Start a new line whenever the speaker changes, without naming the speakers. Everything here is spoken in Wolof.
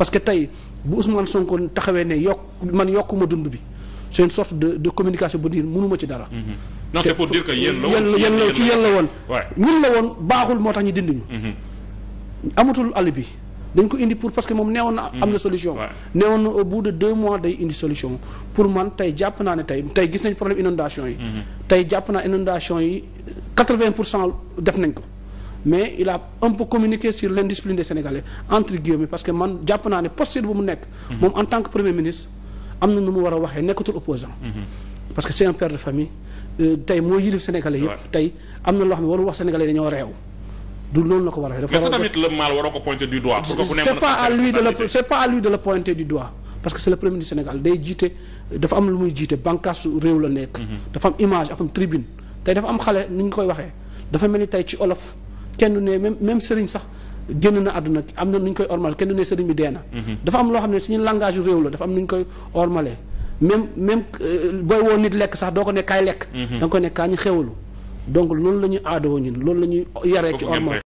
parce que tey bu Ousmane Sonko taxawee ne yokk man yokkuma dund bi c'est une sorte de de communication bu nii mënuma ci dara. Mhm. non c'est pour dire que ci yéen la woon. baaxul moo tax ñu dindi ñu. Mhm. amatul bi dañ ko indi pour parce que moom woon na mhm. am na solution neewoon na au bout de deux mois day indi solution pour man tey jàpp naa ne tey tey gis nañ problème inondation yi tey jàpp naa inondation yi quatre-vingt pour cent def nañ ko mais il a un peu communiqué sur l'indiscipline des Sénégalais entre guillemets parce que man jàpp naa ne posture bu mu nekk. Mhm. moom en tant que premier ministre am na nu mu war a waxee nekkatul opposant mhm. parce que c'est un père de famille euh, tey moo yilif Sénégalais yëpp. tey am na loo xam ne warul wax Sénégalais dañoo réew. du loolu la ko war a def. mais c'est tamit le mal waroo pas à lui de le c'est pas à lui de le pointer du doigt. parce que c'est le premier ministre Sénégal day jiite am lu muy jiite bànqaasu réew la nekk. Mhm. dafa am image dafa am tribune xale ni koy waxee dafa mel ni tey ci olof. kenn du ne même même sëriñ sax génn na àdduna am na nu ñu koy ormal kenn du ne sëriñ bi dee na. Mhm. dafa am loo xam ne suñu langage yu réew la dafa am nu ñu koy ormalee même même euh, booy woo nit lekk sax doo ko ne lekk. Mhm. da nga koy ne kaa ñu xéwalu donc loolu la ñuy aadoo loolu la ñuy yaree ci ormal.